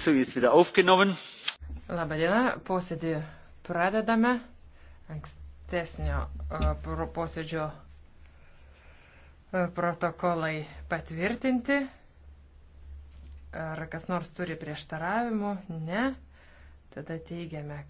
Labadiena, posėdį pradedame. Ankstesnio e, posėdžio e, protokolai patvirtinti. Ar kas nors turi prieštaravimų? Ne. Tada teigiame,